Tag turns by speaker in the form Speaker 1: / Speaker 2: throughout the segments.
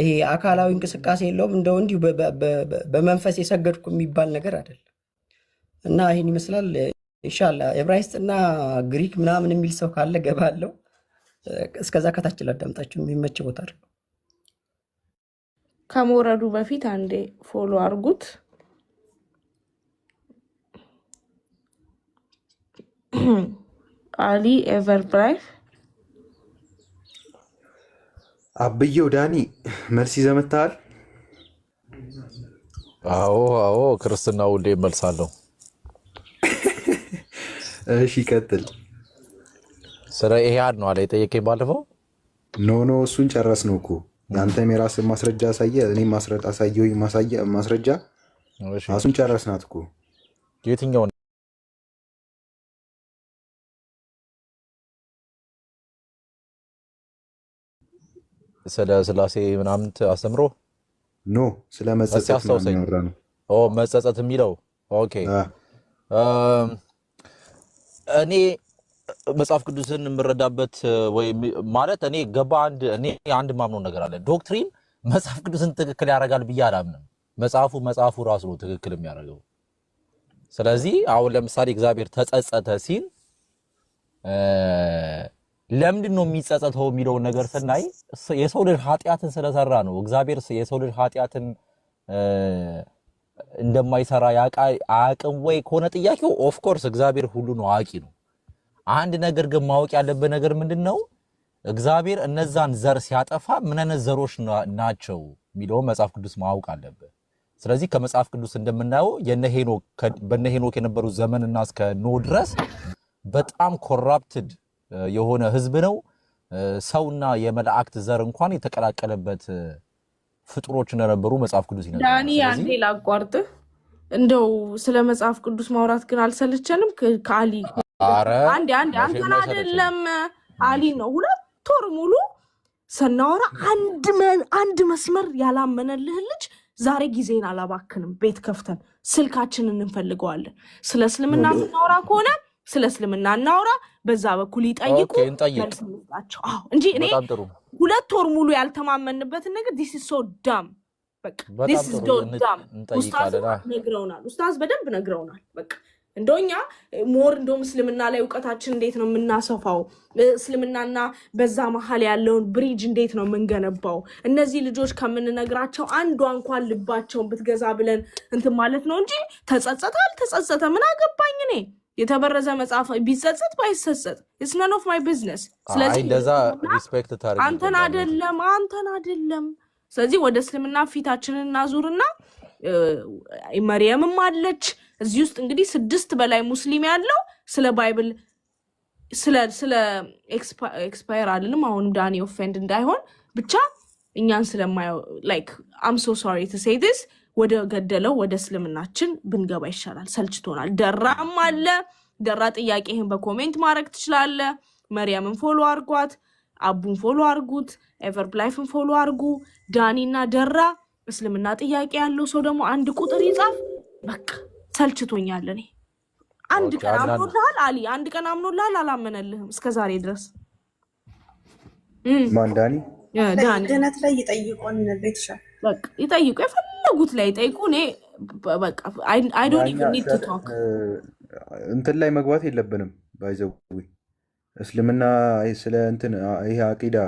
Speaker 1: ይሄ አካላዊ እንቅስቃሴ የለውም። እንደው እንዲሁ በመንፈስ የሰገድኩ የሚባል ነገር አይደለም። እና ይህን ይመስላል። ኢንሻላ ኤብራይስጥና ግሪክ ምናምን የሚል ሰው ካለ ገባለው። እስከዛ ከታች ላዳምጣችሁ የሚመች ቦታ አድርገው።
Speaker 2: ከመውረዱ በፊት አንዴ ፎሎ አርጉት። አሊ ኤቨር ብራይፍ
Speaker 3: አብየው ዳኒ መልስ ይዘህ አዎ አዎ፣
Speaker 4: ክርስትና ሁሌ መልሳለሁ። እሺ ቀጥል። ስለ ኢህአድ ነው አለ የጠየቀኝ ባለፈው።
Speaker 3: ኖ ኖ እሱን ጨረስ ነው እኮ አንተም የራስ ማስረጃ አሳየ፣ እኔ ማስረጃ አሳየሁኝ ማስረጃ እሱን
Speaker 1: ጨረስናት እኮ የትኛው ስለ
Speaker 4: ስላሴ ምናምን አስተምሮ ኖ ስለ መጸጸት መጸጸት የሚለው ኦኬ። እኔ መጽሐፍ ቅዱስን የምረዳበት ወይ ማለት እኔ ገባ አንድ እኔ አንድ ማምኖ ነገር አለ። ዶክትሪን መጽሐፍ ቅዱስን ትክክል ያደርጋል ብዬ አላምንም። መጽሐፉ መጽሐፉ ራሱ ነው ትክክል የሚያደርገው። ስለዚህ አሁን ለምሳሌ እግዚአብሔር ተጸጸተ ሲል ለምንድን ነው የሚጸጸተው የሚለውን ነገር ስናይ የሰው ልጅ ኃጢአትን ስለሰራ ነው። እግዚአብሔር የሰው ልጅ ኃጢአትን እንደማይሰራ አያቅም ወይ ከሆነ ጥያቄው ኦፍኮርስ እግዚአብሔር ሁሉን አዋቂ ነው። አንድ ነገር ግን ማወቅ ያለበት ነገር ምንድን ነው እግዚአብሔር እነዛን ዘር ሲያጠፋ ምን አይነት ዘሮች ናቸው የሚለውን መጽሐፍ ቅዱስ ማወቅ አለበት። ስለዚህ ከመጽሐፍ ቅዱስ እንደምናየው በነ ሄኖክ የነበሩ ዘመንና እስከ ኖ ድረስ በጣም ኮራፕትድ የሆነ ህዝብ ነው። ሰውና የመላእክት ዘር እንኳን የተቀላቀለበት ፍጡሮች እንደነበሩ መጽሐፍ ቅዱስ ይነግረናል። ዳኒ አንዴ
Speaker 2: ላቋርጥህ። እንደው ስለ መጽሐፍ ቅዱስ ማውራት ግን አልሰለቸንም? ከአሊ አንድ አንድ አንተን አይደለም አሊ ነው። ሁለት ወር ሙሉ ስናወራ አንድ መስመር ያላመነልህ ልጅ ዛሬ ጊዜን አላባክንም። ቤት ከፍተን ስልካችንን እንፈልገዋለን። ስለ እስልምና ስናወራ ከሆነ ስለ እስልምና እናውራ፣ በዛ በኩል ይጠይቁ መልስ እንጂ እኔ ሁለት ወር ሙሉ ያልተማመንበትን ነገር ዲስ ሶ ዳም ዳም ኡስታዝ ነግረውናል። ኡስታዝ በደንብ ነግረውናል። በቃ እንደኛ ሞር እንደውም እስልምና ላይ እውቀታችን እንዴት ነው የምናሰፋው? እስልምናና በዛ መሀል ያለውን ብሪጅ እንዴት ነው የምንገነባው? እነዚህ ልጆች ከምንነግራቸው አንዷ እንኳን ልባቸውን ብትገዛ ብለን እንትን ማለት ነው እንጂ ተጸጸተ አልተጸጸተ ምን አገባኝ እኔ የተበረዘ መጽሐፍ ቢጸጸት ባይሰጸት ስነን ኦፍ ማይ ቢዝነስ። ስለዚህ እንደዛ
Speaker 4: ሪስፔክት ታደርግ አንተን
Speaker 2: አደለም አንተን አደለም። ስለዚህ ወደ እስልምና ፊታችንን እናዙርና መርየምም አለች እዚህ ውስጥ እንግዲህ ስድስት በላይ ሙስሊም ያለው ስለ ባይብል ስለ ኤክስፓየር አልልም። አሁንም ዳኒ ኦፌንድ እንዳይሆን ብቻ እኛን ስለማይ ላይክ አም ሶ ሶሪ ቱ ሴይ ዲስ ወደ ገደለው ወደ እስልምናችን ብንገባ ይሻላል። ሰልችቶናል። ደራም አለ። ደራ ጥያቄህን በኮሜንት ማድረግ ትችላለ መሪያምን ፎሎ አርጓት፣ አቡን ፎሎ አርጉት፣ ኤቨርብላይፍን ፎሎ አርጉ። ዳኒና ደራ እስልምና ጥያቄ ያለው ሰው ደግሞ አንድ ቁጥር ይጻፍ። በቃ ሰልችቶኛል። እኔ አንድ ቀን አምኖልሃል አሊ፣ አንድ ቀን አምኖልሃል አላመነልህም እስከ ዛሬ ድረስ ማን ዳኒ ዳኒ ድነት ላይ ይጠይቁን ቤተሻል ይጠይቁ የፈለጉት ላይ ጠይቁ። እኔ
Speaker 3: እንትን ላይ መግባት የለብንም ባይዘዊ እስልምና ስለ እንትን ይሄ አቂዳ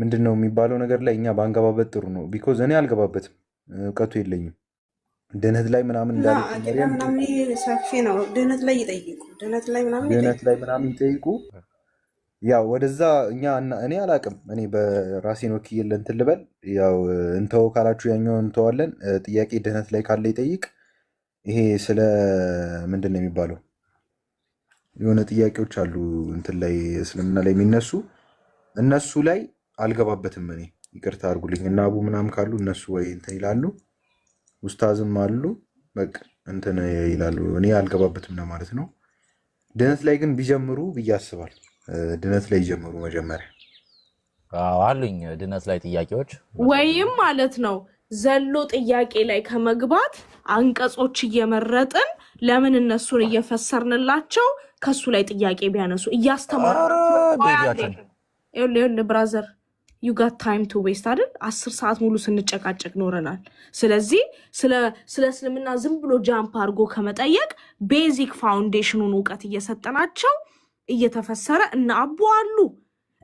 Speaker 3: ምንድን ነው የሚባለው ነገር ላይ እኛ በአንገባበት ጥሩ ነው። ቢኮዝ እኔ አልገባበትም፣ እውቀቱ የለኝም። ድህነት ላይ ምናምን እንዳለ
Speaker 2: ሰፊ ነው። ድህነት ላይ ይጠይቁ፣ ድህነት ላይ ምናምን
Speaker 3: ይጠይቁ። ያው ወደዛ እኛ እኔ አላቅም። እኔ በራሴን ወክዬ እንትን ልበል። ያው እንተው ካላችሁ ያኛው እንተዋለን። ጥያቄ ድህነት ላይ ካለ ይጠይቅ። ይሄ ስለ ምንድን ነው የሚባለው የሆነ ጥያቄዎች አሉ እንትን ላይ እስልምና ላይ የሚነሱ እነሱ ላይ አልገባበትም። እኔ ይቅርታ አድርጉልኝ እና አቡ ምናምን ካሉ እነሱ ወይ እንትን ይላሉ፣ ውስታዝም አሉ በቃ እንትን ይላሉ። እኔ አልገባበትም ለማለት ነው። ድህነት ላይ ግን ቢጀምሩ ብዬ አስባለሁ። ድነት ላይ ጀምሩ። መጀመሪያ
Speaker 4: አሉኝ ድነት ላይ
Speaker 1: ጥያቄዎች
Speaker 2: ወይም ማለት ነው ዘሎ ጥያቄ ላይ ከመግባት አንቀጾች እየመረጥን ለምን እነሱን እየፈሰርንላቸው ከሱ ላይ ጥያቄ ቢያነሱ እያስተማሩ ብራዘር ዩ ጋት ታይም ቱ ዌስት አይደል? አስር ሰዓት ሙሉ ስንጨቃጨቅ ኖረናል። ስለዚህ ስለ እስልምና ዝም ብሎ ጃምፕ አድርጎ ከመጠየቅ ቤዚክ ፋውንዴሽኑን እውቀት እየሰጠናቸው እየተፈሰረ እነ አቦ አሉ፣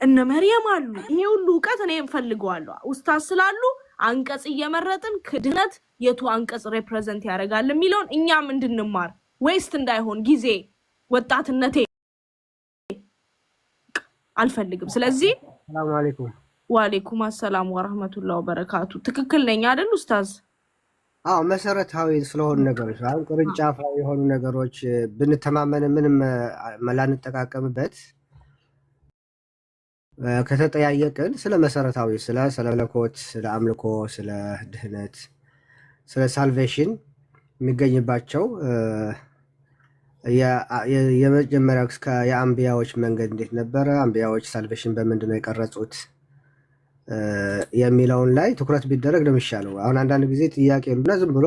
Speaker 2: እነ መርየም አሉ። ይሄ ሁሉ እውቀት እኔ እንፈልገዋለሁ። ውስታዝ ስላሉ አንቀጽ እየመረጥን ክድነት የቱ አንቀጽ ሬፕሬዘንት ያደርጋል የሚለውን እኛም እንድንማር ዌስት እንዳይሆን ጊዜ ወጣትነቴ አልፈልግም። ስለዚህ
Speaker 1: ሰላም አሌይኩም።
Speaker 2: ዋሌኩም አሰላም ወረህመቱላ ወበረካቱ። ትክክል ነኝ አይደል ኡስታዝ?
Speaker 1: አዎ መሰረታዊ ስለሆኑ ነገሮች አሁን ቅርንጫፍ የሆኑ ነገሮች ብንተማመን ምንም መላንጠቃቀምበት ከተጠያየቅን ስለ መሰረታዊ ስለ ስለ መለኮት ስለ አምልኮ ስለ ድህነት ስለ ሳልቬሽን የሚገኝባቸው የመጀመሪያው የአንቢያዎች መንገድ እንዴት ነበረ? አንቢያዎች ሳልቬሽን በምንድነው ነው የቀረጹት? የሚለውን ላይ ትኩረት ቢደረግ ነው የሚሻለው። አሁን አንዳንድ ጊዜ ጥያቄ ሉና ዝም ብሎ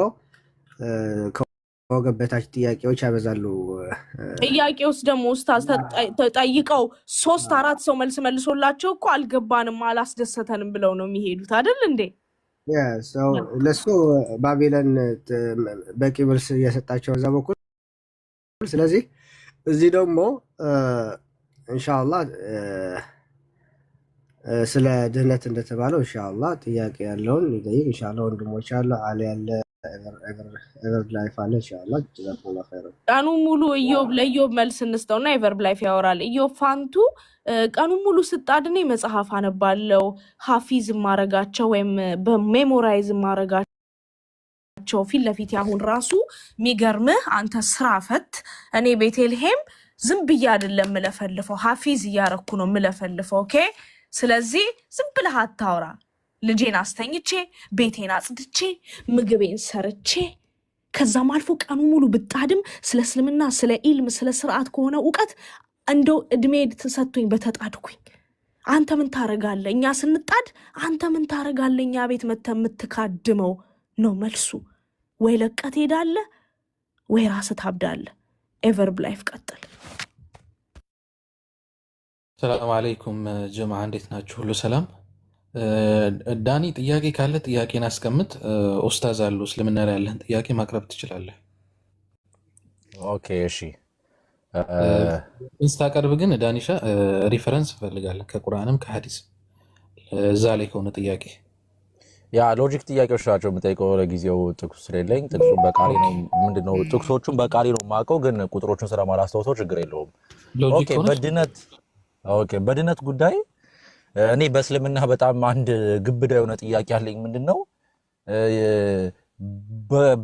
Speaker 1: ከወገብ በታች ጥያቄዎች ያበዛሉ።
Speaker 2: ጥያቄ ውስጥ ደግሞ ኡስታዝ ተጠይቀው ሶስት አራት ሰው መልስ መልሶላቸው እኮ አልገባንም፣ አላስደሰተንም ብለው ነው የሚሄዱት አይደል እንዴ?
Speaker 1: ለሱ ባቢለን በቂ መልስ እየሰጣቸው እዛ በኩል ስለዚህ እዚህ ደግሞ እንሻላ ስለ ድህነት እንደተባለው እንሻላ ጥያቄ ያለውን ይጠይቅ። እንሻላ ወንድሞች አለ አለ ያለ ኤቨር ላይፍ አለ። እንሻላ
Speaker 2: ቀኑ ሙሉ እዮብ ለእዮብ መልስ እንስጠውና ኤቨር ላይፍ ያወራል። እዮብ ፋንቱ ቀኑ ሙሉ ስጣድኔ መጽሐፍ አነባለው ሀፊዝ ማረጋቸው ወይም በሜሞራይዝ ማረጋቸው ናቸው ፊት ለፊት አሁን ራሱ ሚገርምህ አንተ ስራ ፈት እኔ ቤቴልሄም ዝም ብዬ አይደለም ምለፈልፈው ሀፊዝ እያረኩ ነው ምለፈልፈው ኦኬ ስለዚህ ዝም ብለህ አታውራ። ልጄን አስተኝቼ ቤቴን አጽድቼ ምግቤን ሰርቼ ከዛም አልፎ ቀኑ ሙሉ ብጣድም ስለ እስልምና ስለ ኢልም ስለ ስርዓት ከሆነ እውቀት እንደው እድሜ ተሰጥቶኝ በተጣድኩኝ አንተ ምን ታረጋለ? እኛ ስንጣድ አንተ ምን ታረጋለ? እኛ ቤት መተ የምትካድመው ነው መልሱ። ወይ ለቀት ሄዳለ ወይ ራስ ታብዳለ። ኤቨር ብላይፍ ቀጥል።
Speaker 3: ሰላም አለይኩም ጀማ፣ እንዴት ናችሁ? ሁሉ ሰላም? ዳኒ ጥያቄ ካለ ጥያቄን አስቀምጥ። ኡስታዝ አሉ እስልምና ላይ ያለህን ጥያቄ ማቅረብ ትችላለህ። ኦኬ እሺ። ስታቀርብ ግን ዳኒሻ ሪፈረንስ እንፈልጋለን ከቁርአንም ከሀዲስ እዛ ላይ ከሆነ ጥያቄ
Speaker 4: ያ ሎጂክ ጥያቄዎች ናቸው የምጠይቀው። ለጊዜው ጥቅሱ ስለሌለኝ ጥቅሱን በቃሪ ነው ምንድነው ጥቅሶቹን ነው የማውቀው፣ ግን ቁጥሮቹን ስለማላስታውሰው ችግር የለውም። በድነት ኦኬ በድነት ጉዳይ እኔ በእስልምና በጣም አንድ ግብዳ የሆነ ጥያቄ አለኝ። ምንድን ነው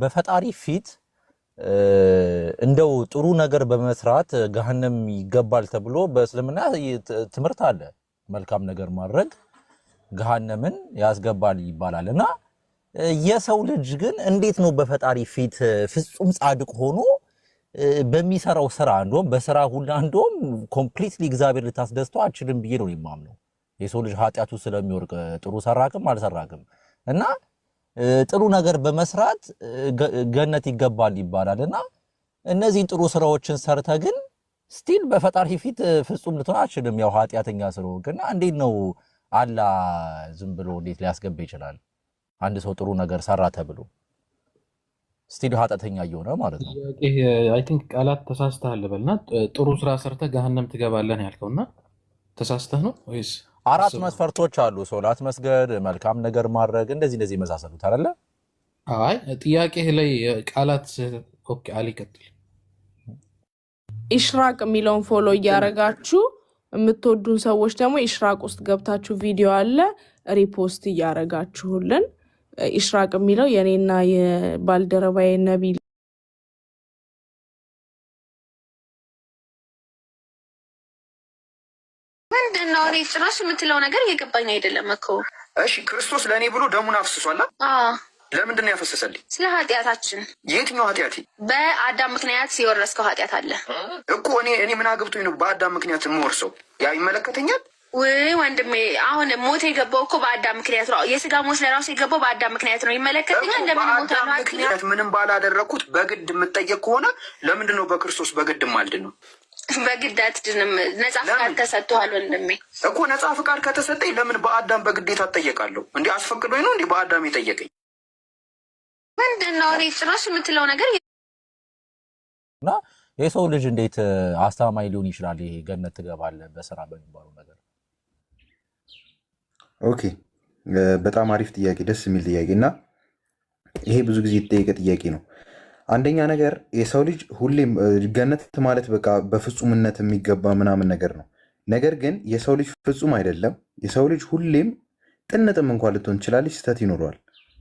Speaker 4: በፈጣሪ ፊት እንደው ጥሩ ነገር በመስራት ገሃነም ይገባል ተብሎ በእስልምና ትምህርት አለ። መልካም ነገር ማድረግ ገሃነምን ያስገባል ይባላል እና የሰው ልጅ ግን እንዴት ነው በፈጣሪ ፊት ፍጹም ጻድቅ ሆኖ በሚሰራው ስራ እንደውም በስራ ሁላ እንደውም ኮምፕሊትሊ እግዚአብሔር ልታስደስተው አችልም ብዬ ነው የማምነው። የሰው ልጅ ኃጢአቱ ስለሚወርቅ ጥሩ ሰራክም አልሰራክም እና ጥሩ ነገር በመስራት ገነት ይገባል ይባላል እና እነዚህን ጥሩ ስራዎችን ሰርተ ግን ስቲል በፈጣሪ ፊት ፍጹም ልትሆን አችልም፣ ያው ኃጢአተኛ ስለሆንክ እና እንዴት ነው አላ ዝም ብሎ እንዴት ሊያስገባ ይችላል? አንድ ሰው ጥሩ ነገር ሰራ ተብሎ ስቲል ኃጢአተኛ
Speaker 3: እየሆነ ማለት ነው። አይ ቲንክ ቃላት ተሳስተሃል በልና ጥሩ ስራ ሰርተህ ገሃነም ትገባለን ያልከውና ተሳስተህ ነው ወይስ?
Speaker 4: አራት መስፈርቶች አሉ። ሶላት መስገድ፣ መልካም ነገር ማድረግ፣ እንደዚህ እንደዚህ የመሳሰሉት አይደለ?
Speaker 3: አይ ጥያቄህ ላይ ቃላት ኦኬ። ይቀጥል።
Speaker 2: ኢሽራቅ የሚለውን ፎሎ እያደረጋችሁ የምትወዱን ሰዎች ደግሞ ኢሽራቅ ውስጥ ገብታችሁ ቪዲዮ አለ ሪፖስት እያደረጋችሁልን ኢሽራቅ የሚለው የእኔና የባልደረባዬ ነቢል
Speaker 1: ምንድን ነው? እኔ ጭራሽ የምትለው ነገር እየገባኝ አይደለም እኮ። እሺ ክርስቶስ ለእኔ ብሎ ደሙን አፍስሷል። ለምንድን ነው ያፈሰሰልኝ? ስለ ኃጢአታችን። የትኛው ኃጢአት? በአዳም ምክንያት የወረስከው ኃጢአት አለ እኮ። እኔ እኔ ምን አግብቶኝ ነው በአዳም ምክንያት የምወርሰው? ያ ይመለከተኛል ውይ ወንድሜ አሁን ሞት የገባው እኮ በአዳም ምክንያት ነው።
Speaker 2: የስጋ ሞት ለራሱ የገባው በአዳም ምክንያት ነው። ይመለከተኛ እንደምን ሞት ምክንያት
Speaker 1: ምንም ባላደረግኩት በግድ የምጠየቅ ከሆነ ለምንድን ነው በክርስቶስ በግድ ማልድ ነው? በግድ አትድንም። ነጻ ፍቃድ ተሰጥቷል ወንድሜ እኮ ነጻ ፍቃድ ከተሰጠኝ ለምን በአዳም በግዴታ እጠየቃለሁ? እንዲህ አስፈቅዶኝ ነው እንዲህ በአዳም የጠየቀኝ ምንድን ነው? እኔ ጭራሽ የምትለው ነገር
Speaker 4: እና የሰው ልጅ እንዴት አስተማማኝ ሊሆን ይችላል? ይሄ ገነት ትገባለህ በስራ በሚባለው ነገር
Speaker 1: ኦኬ
Speaker 3: በጣም አሪፍ ጥያቄ፣ ደስ የሚል ጥያቄ እና ይሄ ብዙ ጊዜ የተጠየቀ ጥያቄ ነው። አንደኛ ነገር የሰው ልጅ ሁሌም ገነት ማለት በቃ በፍጹምነት የሚገባ ምናምን ነገር ነው። ነገር ግን የሰው ልጅ ፍጹም አይደለም። የሰው ልጅ ሁሌም ጥንጥም እንኳን ልትሆን ትችላለች፣ ስህተት ይኖረዋል።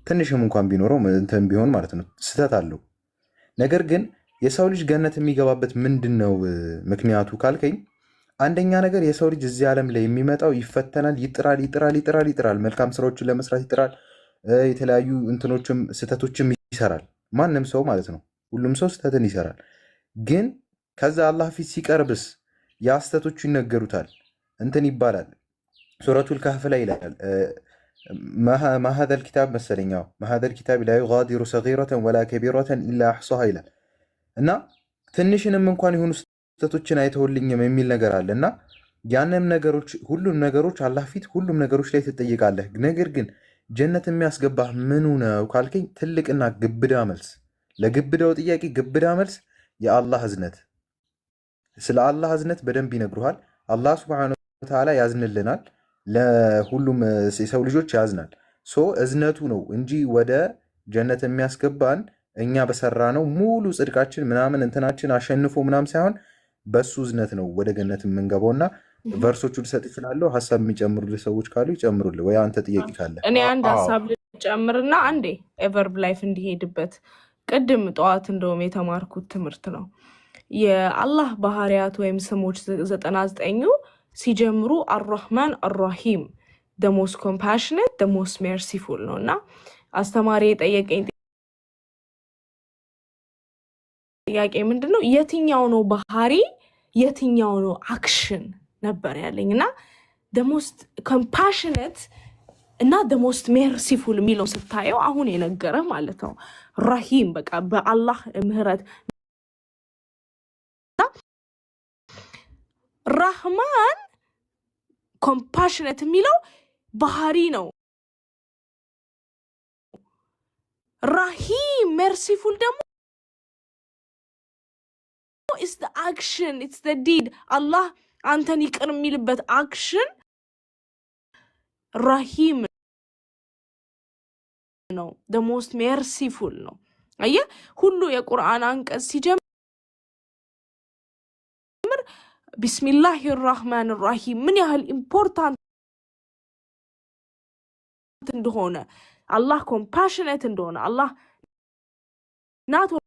Speaker 3: ትንሽም እንኳን ቢኖረው እንትን ቢሆን ማለት ነው ስህተት አለው። ነገር ግን የሰው ልጅ ገነት የሚገባበት ምንድን ነው ምክንያቱ ካልከኝ አንደኛ ነገር የሰው ልጅ እዚህ ዓለም ላይ የሚመጣው ይፈተናል፣ ይጥራል፣ ይጥራል፣ ይጥራል፣ ይጥራል። መልካም ስራዎችን ለመስራት ይጥራል። የተለያዩ እንትኖችም ስህተቶችም ይሰራል። ማንም ሰው ማለት ነው። ሁሉም ሰው ስህተትን ይሰራል። ግን ከዛ አላህ ፊት ሲቀርብስ ያ ስህተቶቹ ይነገሩታል። እንትን ይባላል። ሱረቱል ካህፍ ላይ ይላል ማሀዘል ኪታብ መሰለኛው ማሀዘል ኪታብ ላ ዩጋዲሩ ሰጊረተን ወላ ከቢረተን ኢላ አሕሷሃ ይላል እና ትንሽንም እንኳን የሆኑ ስህተቶችን አይተውልኝም የሚል ነገር አለ እና ያንም ነገሮች ሁሉም ነገሮች አላህ ፊት ሁሉም ነገሮች ላይ ትጠይቃለህ። ነገር ግን ጀነት የሚያስገባህ ምኑ ነው ካልከኝ ትልቅና ግብዳ መልስ፣ ለግብዳው ጥያቄ ግብዳ መልስ የአላህ እዝነት። ስለ አላህ እዝነት በደንብ ይነግሩሃል። አላህ ሱብሐነሁ ወተዓላ ያዝንልናል፣ ለሁሉም የሰው ልጆች ያዝናል። ሶ እዝነቱ ነው እንጂ ወደ ጀነት የሚያስገባን እኛ በሰራ ነው ሙሉ ጽድቃችን ምናምን እንትናችን አሸንፎ ምናምን ሳይሆን በእሱ እዝነት ነው ወደ ገነት የምንገባው እና ቨርሶቹ ልሰጥ ይችላለሁ። ሀሳብ የሚጨምሩልህ ሰዎች ካሉ ይጨምሩልህ፣ ወይ አንተ ጥያቄ ካለ
Speaker 1: እኔ
Speaker 2: አንድ ሀሳብ ልጨምርና አንዴ ኤቨርብ ላይፍ እንዲሄድበት ቅድም ጠዋት እንደውም የተማርኩት ትምህርት ነው። የአላህ ባህሪያት ወይም ስሞች ዘጠና ዘጠኙ ሲጀምሩ አራህማን አራሂም ደሞስ ኮምፓሽነት ደሞስ ሜርሲፉል ነው እና አስተማሪ የጠየቀኝ ጥያቄ ምንድን ነው? የትኛው ነው ባህሪ የትኛው ነው አክሽን ነበር ያለኝ እና ደሞስት ኮምፓሽነት እና ደሞስት ሜርሲፉል የሚለው ስታየው አሁን የነገረ ማለት ነው። ራሂም በቃ በአላህ ምህረት ራህማን ኮምፓሽነት የሚለው ባህሪ ነው። ራሂም ሜርሲፉል ደግሞ ኢትስ ዘ አክሽን ኢትስ ዘ ዲድ አላህ አንተን ይቅር የሚልበት አክሽን ራሂም ነው። ደ ሞስት ሜርሲፉል ነው። አየህ ሁሉ የቁርአን አንቀጽ ሲጀምር ቢስሚላህ ራህማን ራሂም ምን ያህል ኢምፖርታንት
Speaker 1: እንደሆነ አላህ ኮምፓሽነት እንደሆነ አላህ ናት